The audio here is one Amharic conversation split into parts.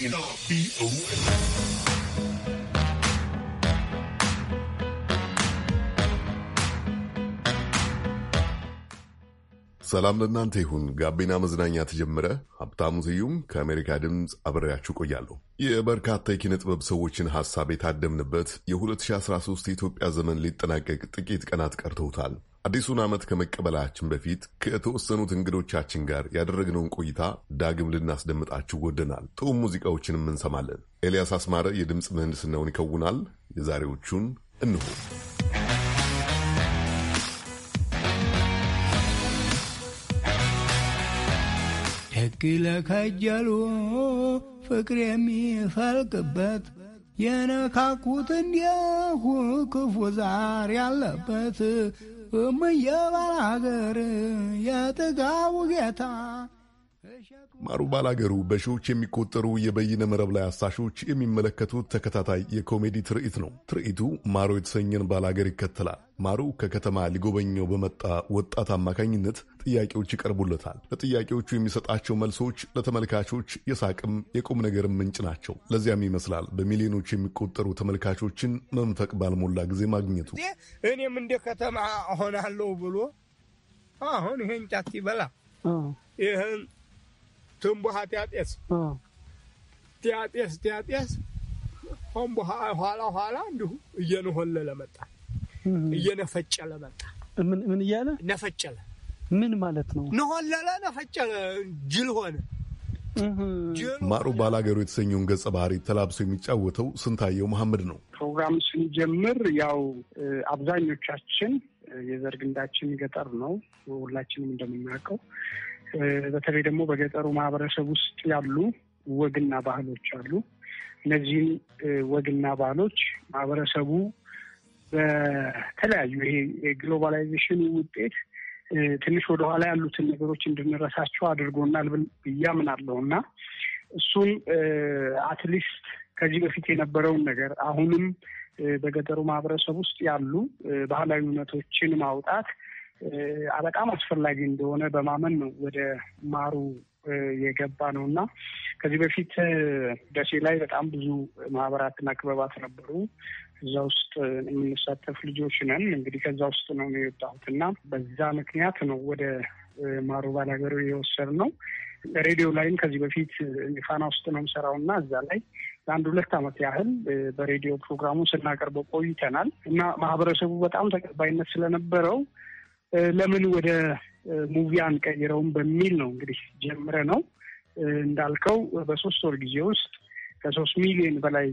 Beat. ሰላም ለእናንተ ይሁን። ጋቢና መዝናኛ ተጀመረ። ሀብታሙ ስዩም ከአሜሪካ ድምፅ አብሬያችሁ ቆያለሁ። የበርካታ የኪነ ጥበብ ሰዎችን ሀሳብ የታደምንበት የ2013 የኢትዮጵያ ዘመን ሊጠናቀቅ ጥቂት ቀናት ቀርተውታል። አዲሱን ዓመት ከመቀበላችን በፊት ከተወሰኑት እንግዶቻችን ጋር ያደረግነውን ቆይታ ዳግም ልናስደምጣችሁ ወደናል። ጥዑም ሙዚቃዎችንም እንሰማለን። ኤልያስ አስማረ የድምፅ ምህንድስናውን ይከውናል። የዛሬዎቹን እንሆ ከቂ ለከጀሉ ፍቅር የሚፈልቅበት የነካኩት እንዲሁ ክፉ ዛር ያለበት እምየባል አገር የጥጋቡ ጌታ ማሩ ባላገሩ በሺዎች የሚቆጠሩ የበይነ መረብ ላይ አሳሾች የሚመለከቱት ተከታታይ የኮሜዲ ትርኢት ነው። ትርኢቱ ማሮ የተሰኘን ባላገር ይከተላል። ማሩ ከከተማ ሊጎበኘው በመጣ ወጣት አማካኝነት ጥያቄዎች ይቀርቡለታል። ለጥያቄዎቹ የሚሰጣቸው መልሶች ለተመልካቾች የሳቅም የቁም ነገርም ምንጭ ናቸው። ለዚያም ይመስላል በሚሊዮኖች የሚቆጠሩ ተመልካቾችን መንፈቅ ባልሞላ ጊዜ ማግኘቱ። እኔም እንደ ከተማ ሆናለሁ ብሎ አሁን ይሄን ጫት ይበላ ይህን ትንቡሃ ቲያጤስ ጢያጤስ ጢያጤስ ሆምቡሃ ኋላ ኋላ እንዲሁ እየነሆለለ መጣ፣ እየነፈጨለ መጣ። ምን ምን እያለ ነፈጨለ? ምን ማለት ነው? ነሆለለ፣ ነፈጨለ፣ ጅል ሆነ። ማሩ ባላገሩ የተሰኘውን ገጸ ባህሪ ተላብሶ የሚጫወተው ስንታየው መሐመድ ነው። ፕሮግራም ስንጀምር ያው አብዛኞቻችን የዘር ግንዳችን ገጠር ነው፣ ሁላችንም እንደምናውቀው በተለይ ደግሞ በገጠሩ ማህበረሰብ ውስጥ ያሉ ወግና ባህሎች አሉ። እነዚህም ወግና ባህሎች ማህበረሰቡ በተለያዩ ይሄ የግሎባላይዜሽን ውጤት ትንሽ ወደኋላ ያሉትን ነገሮች እንድንረሳቸው አድርጎናል ብዬ እና እሱም አትሊስት ከዚህ በፊት የነበረውን ነገር አሁንም በገጠሩ ማህበረሰብ ውስጥ ያሉ ባህላዊ እውነቶችን ማውጣት በጣም አስፈላጊ እንደሆነ በማመን ነው ወደ ማሩ የገባ ነው እና ከዚህ በፊት ደሴ ላይ በጣም ብዙ ማህበራትና ክበባት ነበሩ። እዛ ውስጥ የምንሳተፍ ልጆች ነን። እንግዲህ ከዛ ውስጥ ነው የወጣሁት እና በዛ ምክንያት ነው ወደ ማሩ ባላገሩ የወሰድ ነው። ሬዲዮ ላይም ከዚህ በፊት ፋና ውስጥ ነው የምሰራው እና እዛ ላይ ለአንድ ሁለት ዓመት ያህል በሬዲዮ ፕሮግራሙ ስናቀርበው ቆይተናል እና ማህበረሰቡ በጣም ተቀባይነት ስለነበረው ለምን ወደ ሙቪ አንቀይረውም በሚል ነው እንግዲህ ጀምረ ነው እንዳልከው በሶስት ወር ጊዜ ውስጥ ከሶስት ሚሊዮን በላይ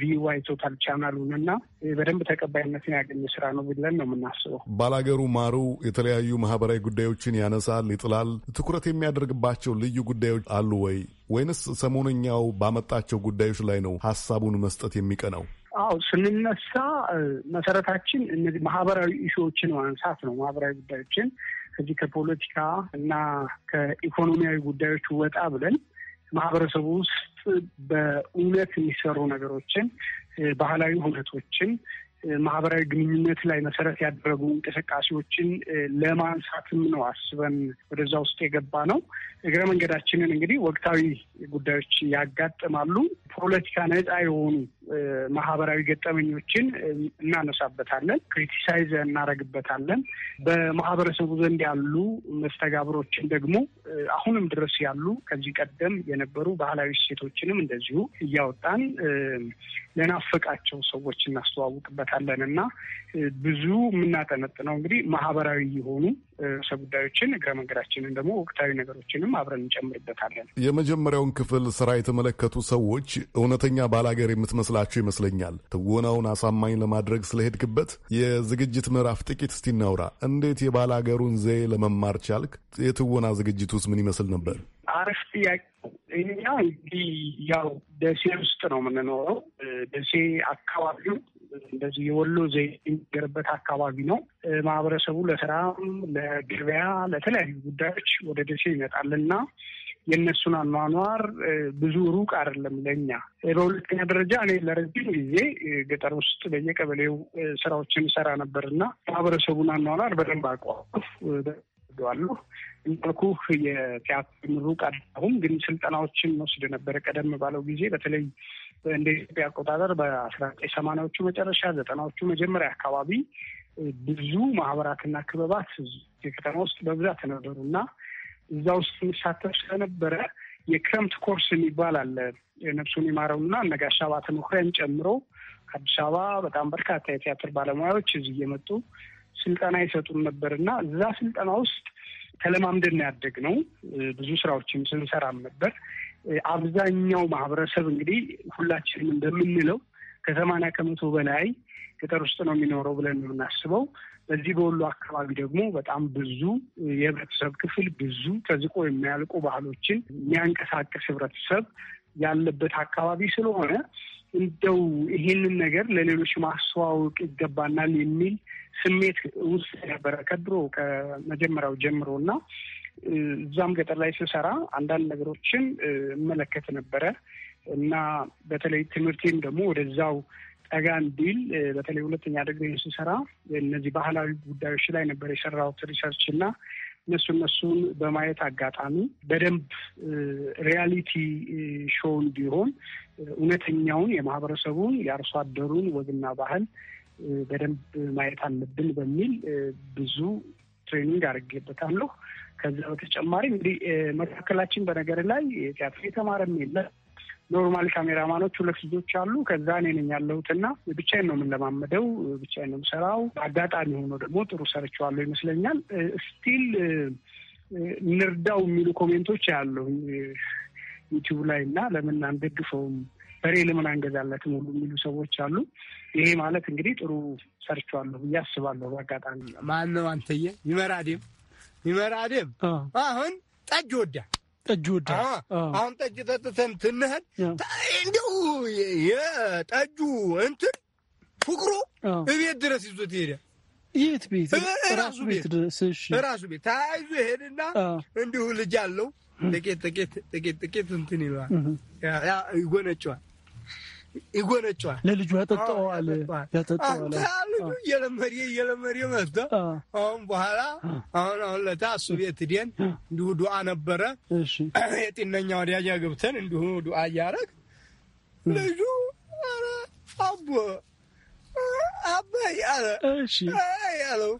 ቪዋይ ቶታል ቻናሉን እና በደንብ ተቀባይነትን ያገኘ ስራ ነው ብለን ነው የምናስበው። ባላገሩ ማሩ የተለያዩ ማህበራዊ ጉዳዮችን ያነሳል፣ ይጥላል። ትኩረት የሚያደርግባቸው ልዩ ጉዳዮች አሉ ወይ ወይንስ ሰሞነኛው ባመጣቸው ጉዳዮች ላይ ነው ሀሳቡን መስጠት የሚቀነው። አዎ ስንነሳ መሰረታችን እነዚህ ማህበራዊ ኢሹዎችን ማንሳት ነው። ማህበራዊ ጉዳዮችን ከዚህ ከፖለቲካ እና ከኢኮኖሚያዊ ጉዳዮች ወጣ ብለን ማህበረሰቡ ውስጥ በእውነት የሚሰሩ ነገሮችን፣ ባህላዊ ሁነቶችን፣ ማህበራዊ ግንኙነት ላይ መሰረት ያደረጉ እንቅስቃሴዎችን ለማንሳትም ነው አስበን ወደዛ ውስጥ የገባ ነው። እግረ መንገዳችንን እንግዲህ ወቅታዊ ጉዳዮች ያጋጥማሉ። ፖለቲካ ነጻ የሆኑ ማህበራዊ ገጠመኞችን እናነሳበታለን፣ ክሪቲሳይዝ እናደርግበታለን። በማህበረሰቡ ዘንድ ያሉ መስተጋብሮችን ደግሞ አሁንም ድረስ ያሉ ከዚህ ቀደም የነበሩ ባህላዊ እሴቶችንም እንደዚሁ እያወጣን ለናፈቃቸው ሰዎች እናስተዋውቅበታለን እና ብዙ የምናጠነጥነው እንግዲህ ማህበራዊ የሆኑ ርዕሰ ጉዳዮችን እግረ መንገዳችንን ደግሞ ወቅታዊ ነገሮችንም አብረን እንጨምርበታለን። የመጀመሪያውን ክፍል ስራ የተመለከቱ ሰዎች እውነተኛ ባላገር የምትመስላችሁ ይመስለኛል። ትወናውን አሳማኝ ለማድረግ ስለሄድክበት የዝግጅት ምዕራፍ ጥቂት እስቲ እናውራ። እንዴት የባላገሩን ዘዬ ለመማር ቻልክ? የትወና ዝግጅት ውስጥ ምን ይመስል ነበር? አረፍ ጥያቄ እኛ እንግዲህ ያው ደሴ ውስጥ ነው የምንኖረው። ደሴ አካባቢው እንደዚህ የወሎ ዘይት የሚገርበት አካባቢ ነው። ማህበረሰቡ ለስራም፣ ለገበያ፣ ለተለያዩ ጉዳዮች ወደ ደሴ ይመጣልና የእነሱን አኗኗር ብዙ ሩቅ አይደለም ለእኛ። በሁለተኛ ደረጃ እኔ ለረጅም ጊዜ ገጠር ውስጥ በየቀበሌው ስራዎችን እሰራ ነበርና ማህበረሰቡን አኗኗር በደንብ አቋፍ አድርገዋለሁ። እንዳልኩ የቲያትር ምሩቅ አይደለሁም፣ ግን ስልጠናዎችን ወስድ ነበረ። ቀደም ባለው ጊዜ በተለይ እንደ ኢትዮጵያ አቆጣጠር በአስራ ዘጠኝ ሰማንያዎቹ መጨረሻ ዘጠናዎቹ መጀመሪያ አካባቢ ብዙ ማህበራትና ክበባት የከተማ ውስጥ በብዛት ነበሩ እና እዛ ውስጥ የሚሳተፍ ስለነበረ የክረምት ኮርስ የሚባል አለ። ነፍሱን ይማረውና ነጋሽ አባተ መኩሪያን ጨምሮ ከአዲስ አበባ በጣም በርካታ የቲያትር ባለሙያዎች እዚህ እየመጡ ስልጠና ይሰጡን ነበር እና እዛ ስልጠና ውስጥ ተለማምደን ያደግ ነው። ብዙ ስራዎችን ስንሰራም ነበር። አብዛኛው ማህበረሰብ እንግዲህ ሁላችንም እንደምንለው ከሰማንያ ከመቶ በላይ ገጠር ውስጥ ነው የሚኖረው ብለን ነው የምናስበው። በዚህ በወሎ አካባቢ ደግሞ በጣም ብዙ የህብረተሰብ ክፍል ብዙ ተዝቆ የሚያልቁ ባህሎችን የሚያንቀሳቅስ ህብረተሰብ ያለበት አካባቢ ስለሆነ እንደው ይሄንን ነገር ለሌሎች ማስተዋወቅ ይገባናል የሚል ስሜት ውስጥ ነበረ ከድሮ ከመጀመሪያው ጀምሮ እና እዛም ገጠር ላይ ስሰራ አንዳንድ ነገሮችን እመለከት ነበረ እና በተለይ ትምህርቴም ደግሞ ወደዛው ጠጋ እንዲል በተለይ ሁለተኛ ደግሞ ስሰራ እነዚህ ባህላዊ ጉዳዮች ላይ ነበር የሰራሁት ሪሰርች እና እነሱ እነሱን በማየት አጋጣሚ በደንብ ሪያሊቲ ሾውን ቢሆን እውነተኛውን የማህበረሰቡን የአርሶ አደሩን ወግና ባህል በደንብ ማየት አለብን በሚል ብዙ ትሬኒንግ አድርጌበታለሁ። ከዚያ በተጨማሪ እንግዲህ መካከላችን በነገር ላይ ቲያትር የተማረም የለም ኖርማል ካሜራማኖች ሁለት ልጆች አሉ። ከዛ እኔ ነኝ ያለሁትና ብቻዬን ነው የምንለማመደው፣ ብቻዬን ነው የምሰራው። አጋጣሚ ሆኖ ደግሞ ጥሩ ሰርቸዋለሁ ይመስለኛል። ስቲል እንርዳው የሚሉ ኮሜንቶች ያለሁ ዩቲዩብ ላይ እና ለምን አንደግፈውም በሬ ለምን አንገዛለትም ሁሉ የሚሉ ሰዎች አሉ። ይሄ ማለት እንግዲህ ጥሩ ሰርቸዋለሁ ብዬ አስባለሁ። በአጋጣሚ ማን ነው አንተዬ? ይመራ ዴም ይመራ ዴም አሁን ጠጅ ወዳል ጠጅ ወዳል። አሁን ጠጅ ጠጥተን ትንህል እንዲሁ የጠጁ እንትን ፍቅሩ እቤት ድረስ ይዞት ይሄዳል። የት ቤት? ራሱ ቤት ድረስ ራሱ ቤት ተያይዞ ይሄድና እንዲሁ ልጅ አለው ጥቂት ጥቂት ጥቂት ጥቂት እንትን ይለዋል፣ ይጎነጨዋል ይጎነጫዋል። ለልጁ ያጠጠዋል ያጠጣዋል። ልጁ እየለመደ እየለመደ መጥቶ አሁን በኋላ አሁን አሁን ለታ እሱ ቤት ድን እንዲሁ ዱዓ ነበረ የጤነኛ ወዲያጃ ገብተን እንዲሁ ዱዓ እያረግ ልጁ አቦ አባይ አለ ያለው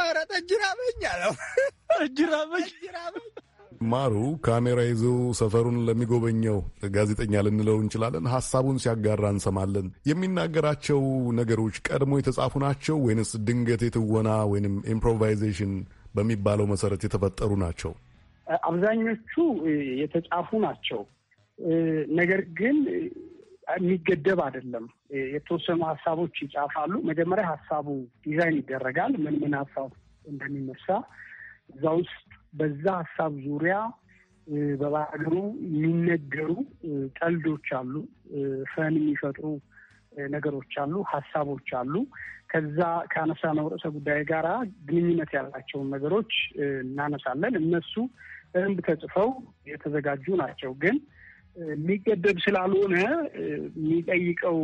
ኧረ ጠጅ ራበኝ አለው ጠጅ ራበኝ ማሩ ካሜራ ይዞ ሰፈሩን ለሚጎበኘው ጋዜጠኛ ልንለው እንችላለን። ሀሳቡን ሲያጋራ እንሰማለን። የሚናገራቸው ነገሮች ቀድሞ የተጻፉ ናቸው ወይንስ ድንገት የትወና ወይንም ኢምፕሮቫይዜሽን በሚባለው መሰረት የተፈጠሩ ናቸው? አብዛኞቹ የተጻፉ ናቸው። ነገር ግን የሚገደብ አይደለም። የተወሰኑ ሀሳቦች ይጻፋሉ። መጀመሪያ ሀሳቡ ዲዛይን ይደረጋል። ምን ምን ሀሳብ እንደሚነሳ እዛ ውስጥ በዛ ሀሳብ ዙሪያ በባህሉ የሚነገሩ ቀልዶች አሉ፣ ፈን የሚፈጥሩ ነገሮች አሉ፣ ሀሳቦች አሉ። ከዛ ካነሳነው ርዕሰ ጉዳይ ጋር ግንኙነት ያላቸውን ነገሮች እናነሳለን። እነሱ በደንብ ተጽፈው የተዘጋጁ ናቸው። ግን የሚገደብ ስላልሆነ የሚጠይቀው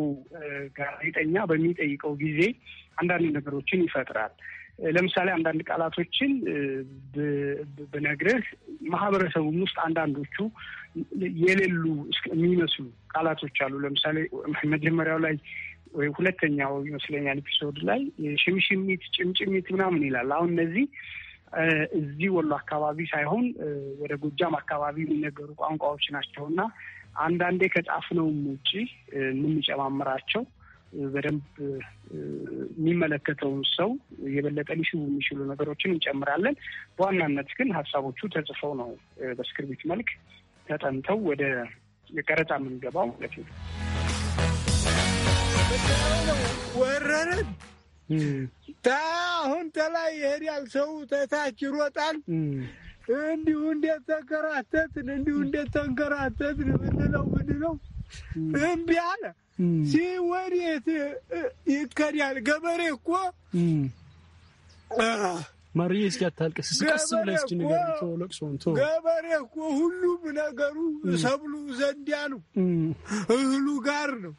ጋዜጠኛ በሚጠይቀው ጊዜ አንዳንድ ነገሮችን ይፈጥራል። ለምሳሌ አንዳንድ ቃላቶችን ብነግርህ ማህበረሰቡም ውስጥ አንዳንዶቹ የሌሉ የሚመስሉ ቃላቶች አሉ። ለምሳሌ መጀመሪያው ላይ ወይ ሁለተኛው ይመስለኛል ኤፒሶድ ላይ ሽምሽሚት፣ ጭምጭሚት ምናምን ይላል። አሁን እነዚህ እዚህ ወሎ አካባቢ ሳይሆን ወደ ጎጃም አካባቢ የሚነገሩ ቋንቋዎች ናቸው እና አንዳንዴ ከጻፍነውም ውጭ የምንጨማምራቸው በደንብ የሚመለከተውን ሰው የበለጠ ሊስቡ የሚችሉ ነገሮችን እንጨምራለን። በዋናነት ግን ሀሳቦቹ ተጽፈው ነው በስክሪፕት መልክ ተጠንተው ወደ ቀረጻ የምንገባው ማለት ነው። ወረረን አሁን ተላይ ይሄዳል፣ ሰው ተታች ይሮጣል። እንዲሁ እንዴት ተንከራተትን፣ እንዲሁ እንዴት ተንከራተትን። ምንለው ምንለው እምቢ አለ ወዴት ይከዳል? ገበሬ እኮ ማርዬ፣ እስኪ አታልቅስ፣ ቀስ ብለህ እስኪ ንገሪኝ። ተወው ገበሬ እኮ ሁሉም ነገሩ ሰብሉ ዘንድ ነው፣ እህሉ ጋር ነው።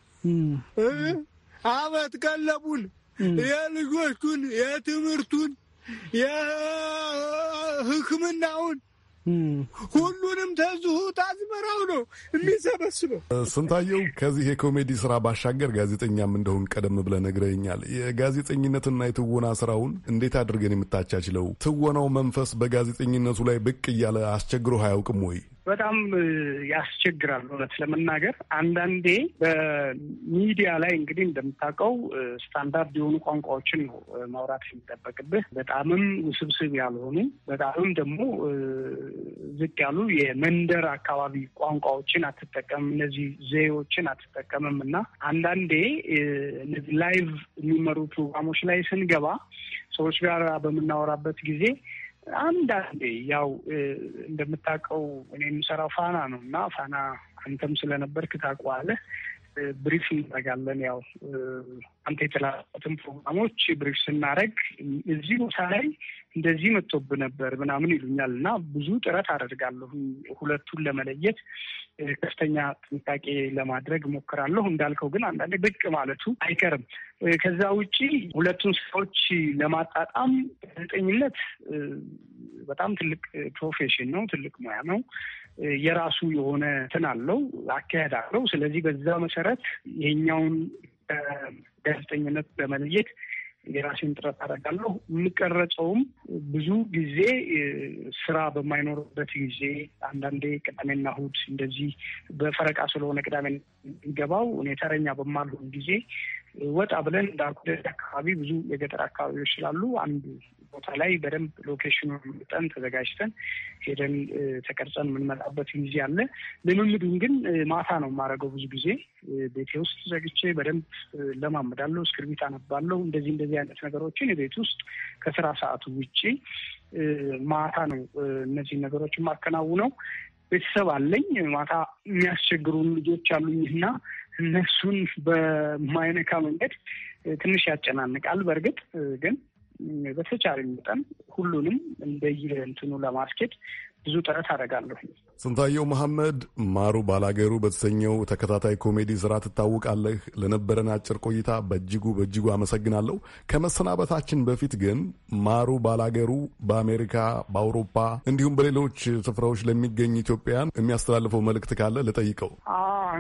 አመት ቀለቡን የልጆቹን፣ የትምህርቱን፣ የሕክምናውን ሁሉንም ተዝሁት አዝመራው ነው የሚሰበስበው። ስንታየው ከዚህ የኮሜዲ ስራ ባሻገር ጋዜጠኛም እንደሆን ቀደም ብለህ ነግረኛል። የጋዜጠኝነትና የትወና ስራውን እንዴት አድርገን የምታቻችለው? ትወናው መንፈስ በጋዜጠኝነቱ ላይ ብቅ እያለ አስቸግሮ አያውቅም ወይ? በጣም ያስቸግራል። እውነት ለመናገር አንዳንዴ በሚዲያ ላይ እንግዲህ እንደምታውቀው ስታንዳርድ የሆኑ ቋንቋዎችን ነው ማውራት የሚጠበቅብህ። በጣምም ውስብስብ ያልሆኑ በጣምም ደግሞ ዝቅ ያሉ የመንደር አካባቢ ቋንቋዎችን አትጠቀምም፣ እነዚህ ዘዬዎችን አትጠቀምም እና አንዳንዴ እነዚህ ላይቭ የሚመሩ ፕሮግራሞች ላይ ስንገባ ሰዎች ጋር በምናወራበት ጊዜ አንዳንዴ ያው እንደምታውቀው እኔ የምሰራው ፋና ነው እና ፋና አንተም ስለነበርክ ታውቀዋለህ። ብሪፍ እንጠጋለን ያው አንተ የተላኩትን ፕሮግራሞች ብሪፍ ስናደረግ እዚህ ቦታ ላይ እንደዚህ መጥቶብ ነበር ምናምን ይሉኛል እና ብዙ ጥረት አደርጋለሁ። ሁለቱን ለመለየት ከፍተኛ ጥንቃቄ ለማድረግ ሞክራለሁ። እንዳልከው ግን አንዳንዴ ብቅ ማለቱ አይቀርም። ከዛ ውጪ ሁለቱን ስራዎች ለማጣጣም ጋዜጠኝነት በጣም ትልቅ ፕሮፌሽን ነው፣ ትልቅ ሙያ ነው። የራሱ የሆነ እንትን አለው፣ አካሄድ አለው። ስለዚህ በዛ መሰረት ይሄኛውን ጋዜጠኝነት ለመለየት የራሴን ጥረት አደርጋለሁ። የምቀረጸውም ብዙ ጊዜ ስራ በማይኖርበት ጊዜ አንዳንዴ ቅዳሜና እሁድ እንደዚህ በፈረቃ ስለሆነ ቅዳሜ ገባው እኔ ተረኛ በማልሆን ጊዜ ወጣ ብለን እንደ አኩደድ አካባቢ ብዙ የገጠር አካባቢዎች ስላሉ አንድ ቦታ ላይ በደንብ ሎኬሽኑ መጠን ተዘጋጅተን ሄደን ተቀርጸን የምንመጣበት ጊዜ አለ። ልምምዱን ግን ማታ ነው የማደርገው። ብዙ ጊዜ ቤቴ ውስጥ ዘግቼ በደንብ ለማመዳለው፣ እስክርቢት አነባለው። እንደዚህ እንደዚህ አይነት ነገሮችን የቤት ውስጥ ከስራ ሰዓቱ ውጭ ማታ ነው እነዚህ ነገሮች የማከናውነው። ቤተሰብ አለኝ። ማታ የሚያስቸግሩን ልጆች አሉኝ እና እነሱን በማይነካ መንገድ ትንሽ ያጨናንቃል። በእርግጥ ግን በተቻለ መጠን ሁሉንም እንደየእንትኑ ለማስኬድ ብዙ ጥረት አደርጋለሁ። ስንታየው መሐመድ ማሩ ባላገሩ በተሰኘው ተከታታይ ኮሜዲ ስራ ትታወቃለህ። ለነበረን አጭር ቆይታ በእጅጉ በእጅጉ አመሰግናለሁ። ከመሰናበታችን በፊት ግን ማሩ ባላገሩ በአሜሪካ፣ በአውሮፓ እንዲሁም በሌሎች ስፍራዎች ለሚገኝ ኢትዮጵያን የሚያስተላልፈው መልእክት ካለ ልጠይቀው።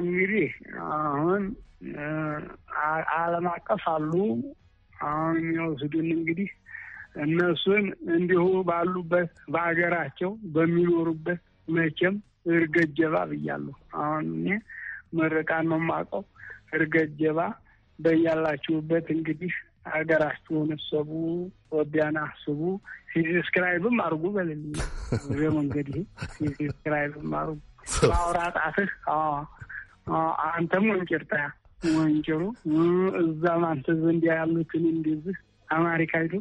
እንግዲህ አሁን ዓለም አቀፍ አሉ አሁን የሚወስዱን እንግዲህ እነሱን እንዲሁ ባሉበት በሀገራቸው በሚኖሩበት መቼም እርገጀባ ብያለሁ። አሁን እኔ ምርቃን ነው የማውቀው። እርገጀባ በያላችሁበት እንግዲህ ሀገራችሁን እሰቡ፣ ወቢያን አስቡ፣ ሲስክራይብም አርጉ በልልኝ እዚ መንገድ ይሄ ሲስክራይብም አርጉ በአውራ ጣትህ አንተም ወንጭርጠያ ወንጀሉ እዛም አንተ ዘንድ ያሉትን እንደዚህ አማሪካ ሂዶ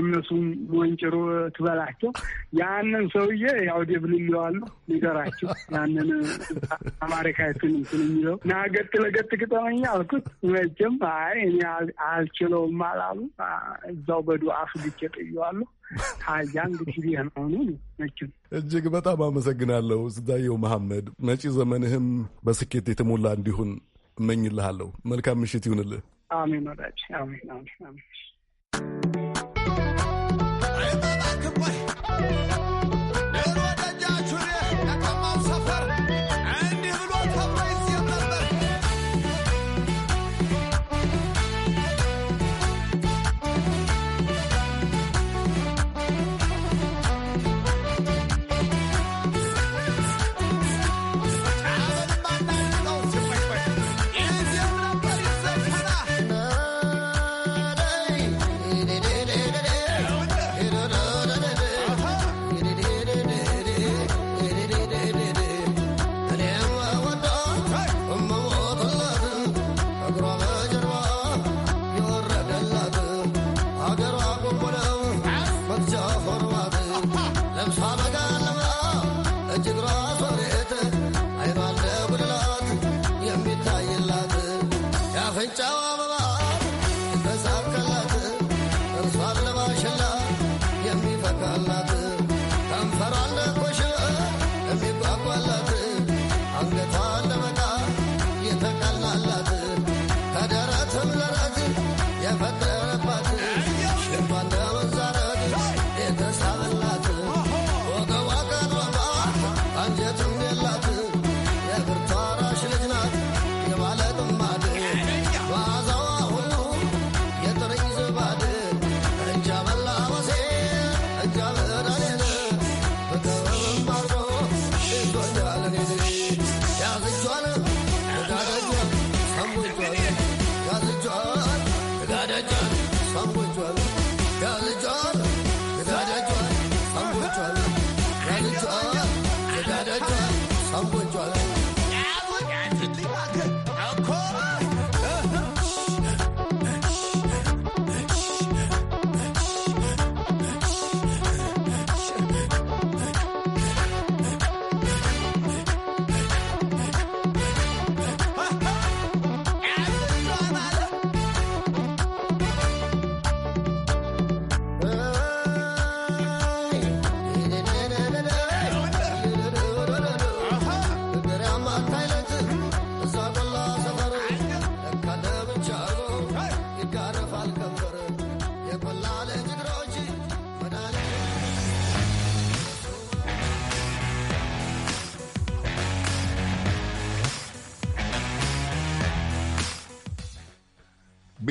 እነሱም ወንጭሮ ትበላቸው። ያንን ሰውዬ ያው ደብል ይለዋሉ ንገራቸው። ያንን አማሪካዊቱን እንትን የሚለው ና ገጥ ለገጥ ግጠመኛ አልኩት። መቼም አይ እኔ አልችለውም አላሉ። እዛው በዱ አፍ ግቼ ጥየዋለሁ። ታያ እንግዲህ ይህ ነው መቼም። እጅግ በጣም አመሰግናለሁ ስንታየሁ መሐመድ። መጪ ዘመንህም በስኬት የተሞላ እንዲሁን እመኝልሃለሁ። መልካም ምሽት ይሁንልህ። አሜን ወዳጅ። አሜን አሜን አሜን።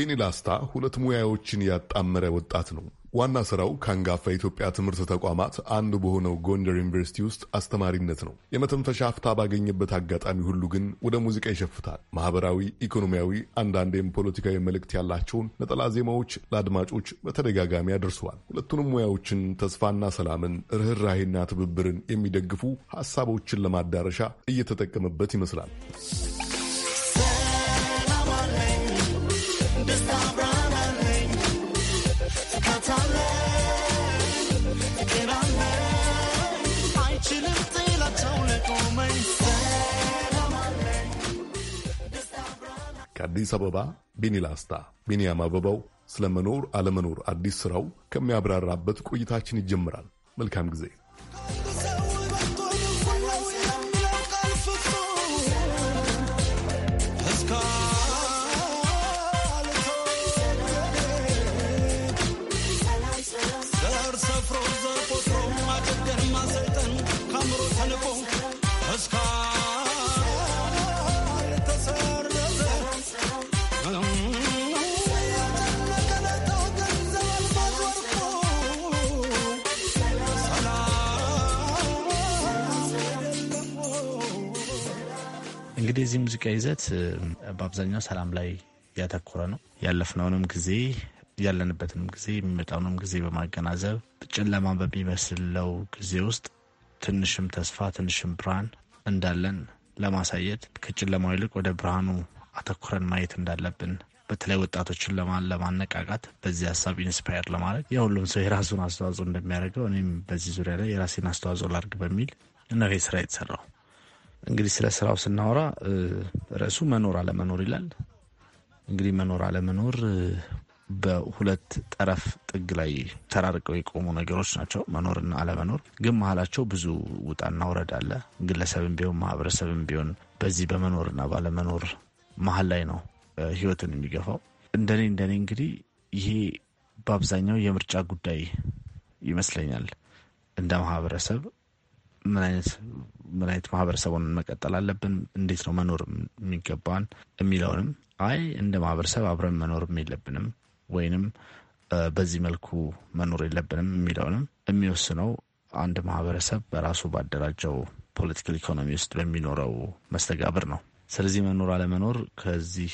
ቤኒ ላስታ ሁለት ሙያዎችን ያጣመረ ወጣት ነው። ዋና ስራው ከአንጋፋ የኢትዮጵያ ትምህርት ተቋማት አንዱ በሆነው ጎንደር ዩኒቨርሲቲ ውስጥ አስተማሪነት ነው። የመተንፈሻ አፍታ ባገኘበት አጋጣሚ ሁሉ ግን ወደ ሙዚቃ ይሸፍታል። ማህበራዊ፣ ኢኮኖሚያዊ፣ አንዳንዴም ፖለቲካዊ መልእክት ያላቸውን ነጠላ ዜማዎች ለአድማጮች በተደጋጋሚ አድርሰዋል። ሁለቱንም ሙያዎችን ተስፋና ሰላምን፣ ርኅራሄና ትብብርን የሚደግፉ ሀሳቦችን ለማዳረሻ እየተጠቀመበት ይመስላል። ከአዲስ አበባ ቢኒላስታ ቢኒያም አበባው ስለ መኖር አለመኖር አዲስ ስራው ከሚያብራራበት ቆይታችን ይጀምራል። መልካም ጊዜ። እንግዲህ የዚህ ሙዚቃ ይዘት በአብዛኛው ሰላም ላይ ያተኮረ ነው። ያለፍነውንም ጊዜ ያለንበትንም ጊዜ የሚመጣውንም ጊዜ በማገናዘብ ጨለማ በሚመስለው ጊዜ ውስጥ ትንሽም ተስፋ ትንሽም ብርሃን እንዳለን ለማሳየት ከጨለማው ይልቅ ወደ ብርሃኑ አተኩረን ማየት እንዳለብን በተለይ ወጣቶችን ለማነቃቃት በዚህ ሀሳብ ኢንስፓየር ለማድረግ የሁሉም ሰው የራሱን አስተዋጽኦ እንደሚያደርገው እኔም በዚህ ዙሪያ ላይ የራሴን አስተዋጽኦ ላድርግ በሚል እነሆ ስራ የተሰራው እንግዲህ ስለ ስራው ስናወራ ርዕሱ መኖር አለመኖር ይላል። እንግዲህ መኖር አለመኖር በሁለት ጠረፍ ጥግ ላይ ተራርቀው የቆሙ ነገሮች ናቸው፣ መኖርና አለመኖር። ግን መሀላቸው ብዙ ውጣና ውረድ አለ። ግለሰብም ቢሆን ማህበረሰብም ቢሆን በዚህ በመኖርና ባለመኖር መሀል ላይ ነው ህይወትን የሚገፋው። እንደኔ እንደኔ እንግዲህ ይሄ በአብዛኛው የምርጫ ጉዳይ ይመስለኛል። እንደ ማህበረሰብ ምን አይነት ምን አይነት ማህበረሰቡን መቀጠል አለብን፣ እንዴት ነው መኖር የሚገባን የሚለውንም አይ እንደ ማህበረሰብ አብረን መኖርም የለብንም ወይንም በዚህ መልኩ መኖር የለብንም የሚለውንም የሚወስነው አንድ ማህበረሰብ በራሱ ባደራጀው ፖለቲካል ኢኮኖሚ ውስጥ በሚኖረው መስተጋብር ነው። ስለዚህ መኖር አለመኖር ከዚህ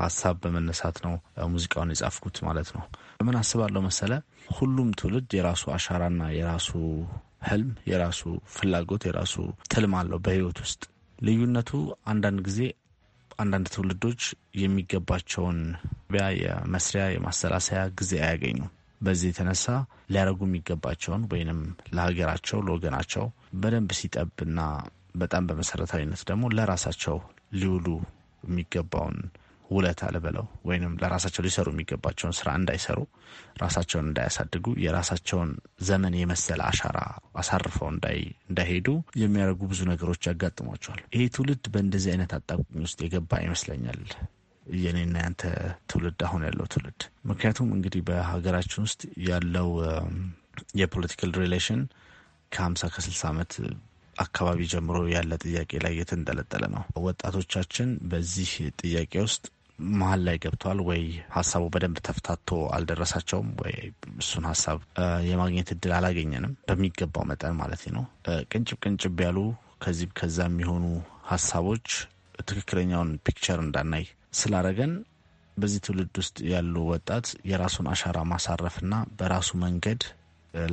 ሀሳብ በመነሳት ነው ሙዚቃውን የጻፍኩት ማለት ነው። ምን አስባለሁ መሰለ ሁሉም ትውልድ የራሱ አሻራና የራሱ ህልም፣ የራሱ ፍላጎት፣ የራሱ ትልም አለው በህይወት ውስጥ። ልዩነቱ አንዳንድ ጊዜ አንዳንድ ትውልዶች የሚገባቸውን ቢያ የመስሪያ የማሰላሰያ ጊዜ አያገኙም። በዚህ የተነሳ ሊያደርጉ የሚገባቸውን ወይንም ለሀገራቸው ለወገናቸው በደንብ ሲጠብና በጣም በመሰረታዊነት ደግሞ ለራሳቸው ሊውሉ የሚገባውን ውለታ ልበለው ወይም ለራሳቸው ሊሰሩ የሚገባቸውን ስራ እንዳይሰሩ፣ ራሳቸውን እንዳያሳድጉ፣ የራሳቸውን ዘመን የመሰለ አሻራ አሳርፈው እንዳይሄዱ የሚያደርጉ ብዙ ነገሮች ያጋጥሟቸዋል። ይሄ ትውልድ በእንደዚህ አይነት አጣብቂኝ ውስጥ የገባ ይመስለኛል። የኔና ያንተ ትውልድ አሁን ያለው ትውልድ ምክንያቱም እንግዲህ በሀገራችን ውስጥ ያለው የፖለቲካል ሪሌሽን ከሀምሳ ከስልሳ ዓመት አካባቢ ጀምሮ ያለ ጥያቄ ላይ የተንጠለጠለ ነው። ወጣቶቻችን በዚህ ጥያቄ ውስጥ መሀል ላይ ገብቷል ወይ ሀሳቡ በደንብ ተፍታቶ አልደረሳቸውም ወይ እሱን ሀሳብ የማግኘት እድል አላገኘንም በሚገባው መጠን ማለት ነው። ቅንጭብ ቅንጭብ ያሉ ከዚህ ከዛ የሚሆኑ ሀሳቦች ትክክለኛውን ፒክቸር እንዳናይ ስላረገን በዚህ ትውልድ ውስጥ ያሉ ወጣት የራሱን አሻራ ማሳረፍና በራሱ መንገድ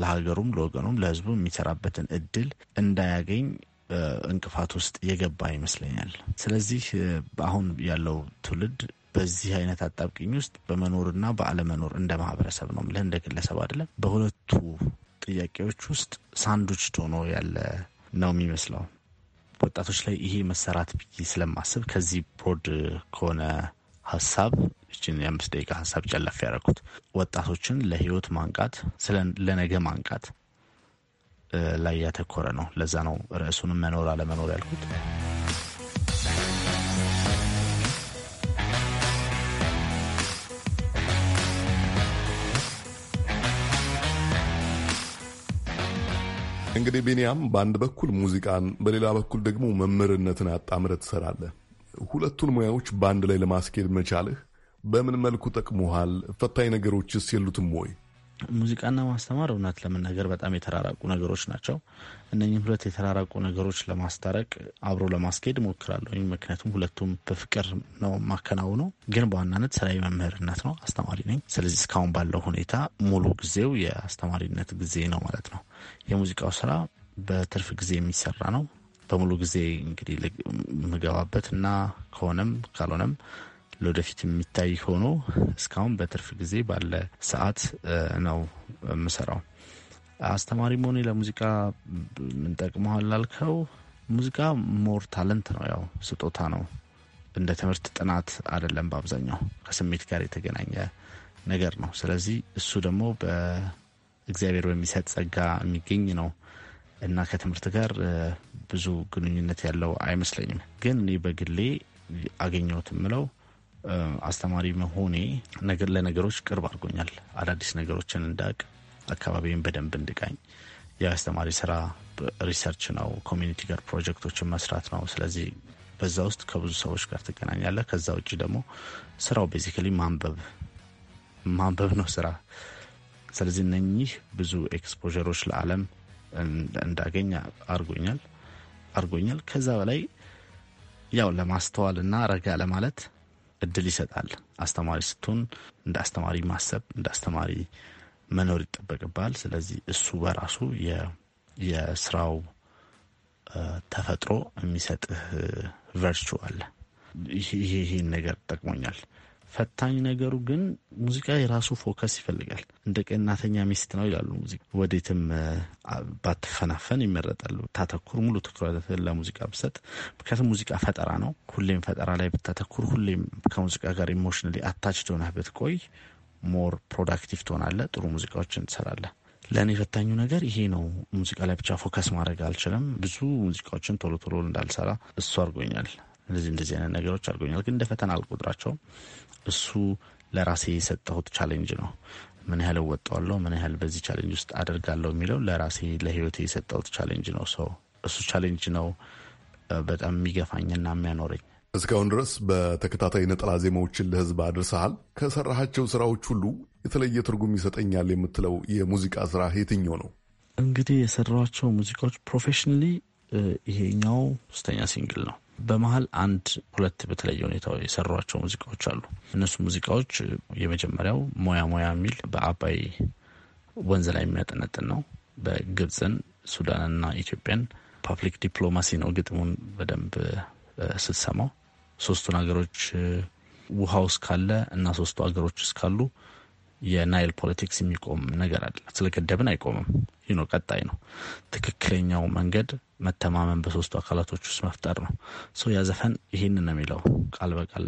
ለሀገሩም ለወገኑም ለህዝቡ የሚሰራበትን እድል እንዳያገኝ እንቅፋት ውስጥ የገባ ይመስለኛል። ስለዚህ አሁን ያለው ትውልድ በዚህ አይነት አጣብቅኝ ውስጥ በመኖርና በአለመኖር እንደ ማህበረሰብ ነው የምልህ፣ እንደ ግለሰብ አይደለም። በሁለቱ ጥያቄዎች ውስጥ ሳንዱች ሆኖ ያለ ነው የሚመስለው። ወጣቶች ላይ ይሄ መሰራት ብዬ ስለማስብ ከዚህ ቦርድ ከሆነ ሀሳብ እችን የአምስት ደቂቃ ሀሳብ ጨለፍ ያደረኩት ወጣቶችን ለህይወት ማንቃት፣ ለነገ ማንቃት ላይ ያተኮረ ነው። ለዛ ነው ርዕሱንም መኖር አለመኖር ያልኩት። እንግዲህ ቢኒያም በአንድ በኩል ሙዚቃን በሌላ በኩል ደግሞ መምህርነትን አጣምረ ትሰራለህ። ሁለቱን ሙያዎች በአንድ ላይ ለማስኬድ መቻልህ በምን መልኩ ጠቅሞሃል? ፈታኝ ነገሮችስ የሉትም ወይ? ሙዚቃና ማስተማር እውነት ለመናገር በጣም የተራራቁ ነገሮች ናቸው። እነኝህም ሁለት የተራራቁ ነገሮች ለማስታረቅ አብሮ ለማስኬድ እሞክራለሁ። ምክንያቱም ሁለቱም በፍቅር ነው የማከናውነው። ግን በዋናነት ስራዊ መምህርነት ነው፣ አስተማሪ ነኝ። ስለዚህ እስካሁን ባለው ሁኔታ ሙሉ ጊዜው የአስተማሪነት ጊዜ ነው ማለት ነው። የሙዚቃው ስራ በትርፍ ጊዜ የሚሰራ ነው። በሙሉ ጊዜ እንግዲህ ምገባበት እና ከሆነም ካልሆነም ለወደፊት የሚታይ ሆኖ እስካሁን በትርፍ ጊዜ ባለ ሰዓት ነው የምሰራው። አስተማሪ መሆኔ ለሙዚቃ ምን ጠቅመዋል ላልከው፣ ሙዚቃ ሞር ታለንት ነው፣ ያው ስጦታ ነው። እንደ ትምህርት ጥናት አይደለም። በአብዛኛው ከስሜት ጋር የተገናኘ ነገር ነው። ስለዚህ እሱ ደግሞ በእግዚአብሔር በሚሰጥ ጸጋ የሚገኝ ነው እና ከትምህርት ጋር ብዙ ግንኙነት ያለው አይመስለኝም። ግን እኔ በግሌ አገኘሁት የምለው አስተማሪ መሆኔ ነገር ለነገሮች ቅርብ አድርጎኛል። አዳዲስ ነገሮችን እንዳቅ፣ አካባቢውን በደንብ እንድቃኝ። የአስተማሪ ስራ ሪሰርች ነው፣ ኮሚኒቲ ጋር ፕሮጀክቶችን መስራት ነው። ስለዚህ በዛ ውስጥ ከብዙ ሰዎች ጋር ትገናኛለ። ከዛ ውጭ ደግሞ ስራው ቤዚካሊ ማንበብ ማንበብ ነው ስራ። ስለዚህ እነኚህ ብዙ ኤክስፖሮች ለዓለም እንዳገኝ አርጎኛል አርጎኛል። ከዛ በላይ ያው ለማስተዋል እና ረጋ ለማለት እድል ይሰጣል። አስተማሪ ስትሆን እንደ አስተማሪ ማሰብ፣ እንደ አስተማሪ መኖር ይጠበቅባል። ስለዚህ እሱ በራሱ የስራው ተፈጥሮ የሚሰጥህ ቨርቹ አለ። ይሄ ይህን ነገር ጠቅሞኛል። ፈታኝ ነገሩ ግን ሙዚቃ የራሱ ፎከስ ይፈልጋል። እንደ ቀናተኛ ሚስት ነው ይላሉ። ሙዚቃ ወዴትም ባትፈናፈን ይመረጣሉ። ታተኩር፣ ሙሉ ትኩረት ለሙዚቃ ብሰጥ። ምክንያቱም ሙዚቃ ፈጠራ ነው። ሁሌም ፈጠራ ላይ ብታተኩር፣ ሁሌም ከሙዚቃ ጋር ኢሞሽናሊ አታች ሆነህ ብትቆይ ሞር ፕሮዳክቲቭ ትሆናለህ። ጥሩ ሙዚቃዎችን ትሰራለህ። ለእኔ ፈታኙ ነገር ይሄ ነው። ሙዚቃ ላይ ብቻ ፎከስ ማድረግ አልችልም። ብዙ ሙዚቃዎችን ቶሎ ቶሎ እንዳልሰራ እሱ አድርጎኛል። እንደዚህ እንደዚህ አይነት ነገሮች አድርጎኛል። ግን እንደ ፈተና አልቆጥራቸውም። እሱ ለራሴ የሰጠሁት ቻሌንጅ ነው። ምን ያህል እወጣዋለሁ፣ ምን ያህል በዚህ ቻሌንጅ ውስጥ አደርጋለሁ የሚለው ለራሴ ለህይወቴ የሰጠሁት ቻሌንጅ ነው። ሰው እሱ ቻሌንጅ ነው በጣም የሚገፋኝና የሚያኖረኝ። እስካሁን ድረስ በተከታታይ ነጠላ ዜማዎችን ለህዝብ አድርሰሃል። ከሰራሃቸው ስራዎች ሁሉ የተለየ ትርጉም ይሰጠኛል የምትለው የሙዚቃ ስራ የትኛው ነው? እንግዲህ የሰራኋቸው ሙዚቃዎች ፕሮፌሽናሊ ይሄኛው ሶስተኛ ሲንግል ነው። በመሀል አንድ ሁለት በተለየ ሁኔታ የሰሯቸው ሙዚቃዎች አሉ። እነሱ ሙዚቃዎች የመጀመሪያው ሞያ ሞያ የሚል በአባይ ወንዝ ላይ የሚያጠነጥን ነው። በግብፅን ሱዳንና ኢትዮጵያን ፓብሊክ ዲፕሎማሲ ነው። ግጥሙን በደንብ ስትሰማው ሶስቱን ሀገሮች ውሃ ውስጥ ካለ እና ሶስቱ ሀገሮች ውስጥ ካሉ የናይል ፖለቲክስ የሚቆም ነገር አለ። ስለገደብን አይቆምም። ይህ ነው ቀጣይ ነው። ትክክለኛው መንገድ መተማመን በሶስቱ አካላቶች ውስጥ መፍጠር ነው። ሰው ያ ዘፈን ነው የሚለው ቃል በቃል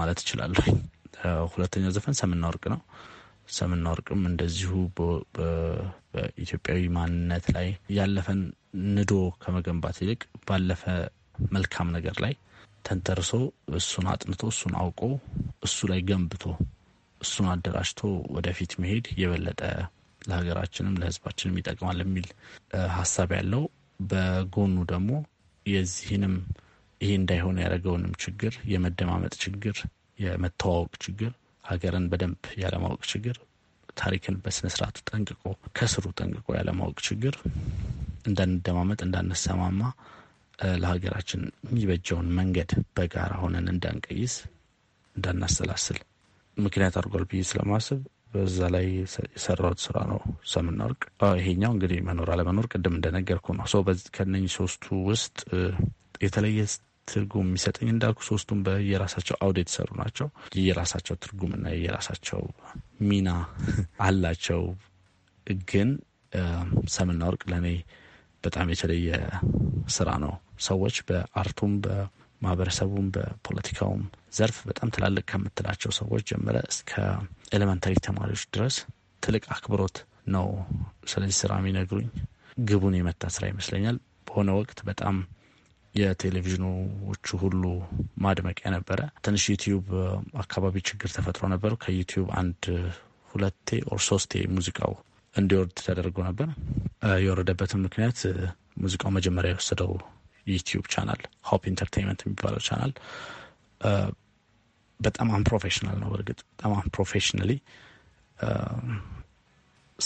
ማለት እችላለሁ። ሁለተኛው ዘፈን ሰምና ወርቅ ነው። ሰምና ወርቅም እንደዚሁ በኢትዮጵያዊ ማንነት ላይ ያለፈን ንዶ ከመገንባት ይልቅ ባለፈ መልካም ነገር ላይ ተንተርሶ እሱን አጥንቶ እሱን አውቆ እሱ ላይ ገንብቶ እሱን አደራጅቶ ወደፊት መሄድ የበለጠ ለሀገራችንም ለህዝባችንም ይጠቅማል የሚል ሀሳብ ያለው በጎኑ ደግሞ የዚህንም ይህ እንዳይሆን ያደረገውንም ችግር የመደማመጥ ችግር፣ የመተዋወቅ ችግር፣ ሀገርን በደንብ ያለማወቅ ችግር፣ ታሪክን በስነስርዓቱ ጠንቅቆ ከስሩ ጠንቅቆ ያለማወቅ ችግር እንዳንደማመጥ፣ እንዳንሰማማ ለሀገራችን የሚበጀውን መንገድ በጋራ ሆነን እንዳንቀይስ፣ እንዳናሰላስል ምክንያት አድርጓል ብዬ ስለማስብ በዛ ላይ የሰራሁት ስራ ነው። ሰምና ወርቅ ይሄኛው እንግዲህ መኖር አለመኖር ቅድም እንደነገርኩ ነው። ሰው ከነኝህ ሶስቱ ውስጥ የተለየ ትርጉም የሚሰጠኝ እንዳልኩ ሶስቱም በየራሳቸው አውድ የተሰሩ ናቸው። የየራሳቸው ትርጉምና የየራሳቸው ሚና አላቸው። ግን ሰምና ወርቅ ለእኔ በጣም የተለየ ስራ ነው። ሰዎች በአርቱም ማህበረሰቡም በፖለቲካውም ዘርፍ በጣም ትላልቅ ከምትላቸው ሰዎች ጀምረ እስከ ኤሌመንታሪ ተማሪዎች ድረስ ትልቅ አክብሮት ነው ስለዚህ ስራ የሚነግሩኝ። ግቡን የመታ ስራ ይመስለኛል። በሆነ ወቅት በጣም የቴሌቪዥኖቹ ሁሉ ማድመቂያ ነበረ። ትንሽ ዩቲዩብ አካባቢ ችግር ተፈጥሮ ነበር። ከዩቲዩብ አንድ ሁለቴ ኦር ሶስቴ ሙዚቃው እንዲወርድ ተደርጎ ነበር። የወረደበትም ምክንያት ሙዚቃው መጀመሪያ የወሰደው ዩቲዩብ ቻናል ሆፕ ኢንተርቴንመንት የሚባለው ቻናል በጣም አንፕሮፌሽናል ነው። በእርግጥ በጣም አንፕሮፌሽናሊ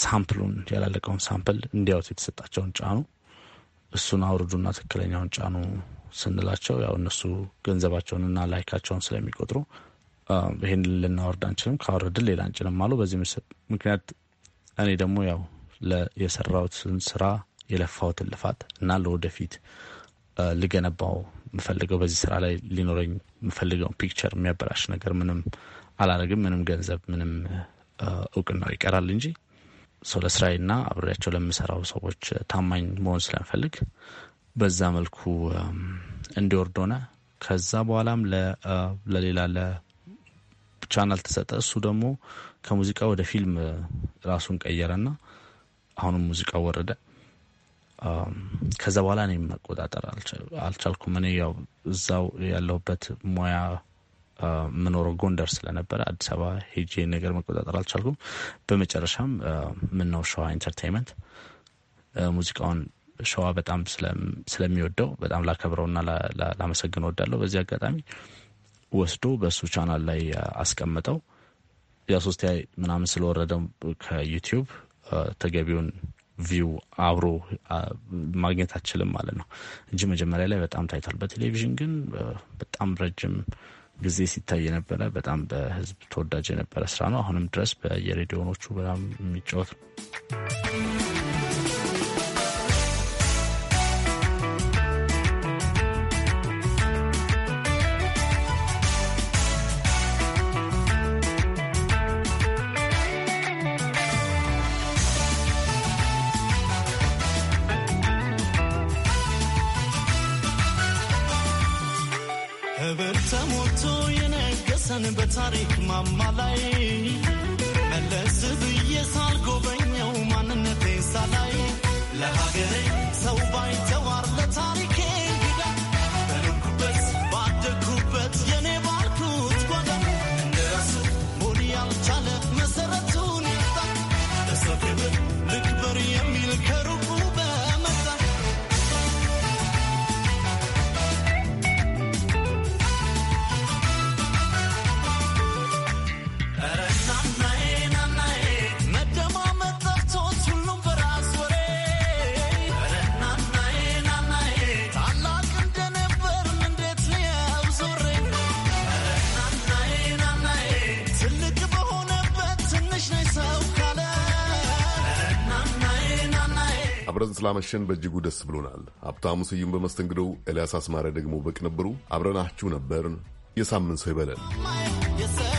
ሳምፕሉን ያላለቀውን ሳምፕል እንዲያዩት የተሰጣቸውን ጫኑ፣ እሱን አውርዱና ትክክለኛውን ጫኑ ስንላቸው ያው እነሱ ገንዘባቸውንና ላይካቸውን ስለሚቆጥሩ ይህን ልናወርድ አንችልም፣ ካወረድን ሌላ አንችልም አሉ። በዚህ ምክንያት እኔ ደግሞ ያው የሰራሁትን ስራ የለፋሁትን ልፋት እና ለወደፊት ልገነባው የምፈልገው በዚህ ስራ ላይ ሊኖረኝ የምፈልገው ፒክቸር የሚያበላሽ ነገር ምንም አላረግም። ምንም ገንዘብ፣ ምንም እውቅናው ይቀራል እንጂ ሰው ለስራዬና አብሬያቸው ለምሰራው ሰዎች ታማኝ መሆን ስለምፈልግ በዛ መልኩ እንዲወርድ ሆነ። ከዛ በኋላም ለሌላ ለቻናል ተሰጠ። እሱ ደግሞ ከሙዚቃ ወደ ፊልም ራሱን ቀየረና አሁንም ሙዚቃ ወረደ። ከዛ በኋላ እኔም መቆጣጠር አልቻልኩም። እኔ ያው እዛው ያለሁበት ሙያ የምኖረው ጎንደር ስለነበረ አዲስ አበባ ሄጄ ነገር መቆጣጠር አልቻልኩም። በመጨረሻም ምነው ሸዋ ኢንተርቴንመንት ሙዚቃውን ሸዋ በጣም ስለሚወደው በጣም ላከብረውና ላመሰግን ወዳለሁ። በዚህ አጋጣሚ ወስዶ በእሱ ቻናል ላይ አስቀምጠው ያ ሶስት ምናምን ስለወረደው ከዩቲዩብ ተገቢውን ቪው አብሮ ማግኘት አችልም ማለት ነው እንጂ መጀመሪያ ላይ በጣም ታይቷል። በቴሌቪዥን ግን በጣም ረጅም ጊዜ ሲታይ የነበረ በጣም በህዝብ ተወዳጅ የነበረ ስራ ነው። አሁንም ድረስ በየሬዲዮኖቹ በጣም የሚጫወት ነው። ሞልቶ የነገሰን በታሪክ ማማ ላይ መለስ ብዬ ሳልጎበኘው ማንነቴ ሳላይ ለሀገሬ ሰው ባይተዋር ለታሪክ አብረን ስላመሸን በእጅጉ ደስ ብሎናል። ሀብታሙ ስዩም በመስተንግዶ ኤልያስ አስማሪያ ደግሞ በቅንብሩ አብረናችሁ ነበርን። የሳምንት ሰው ይበለን።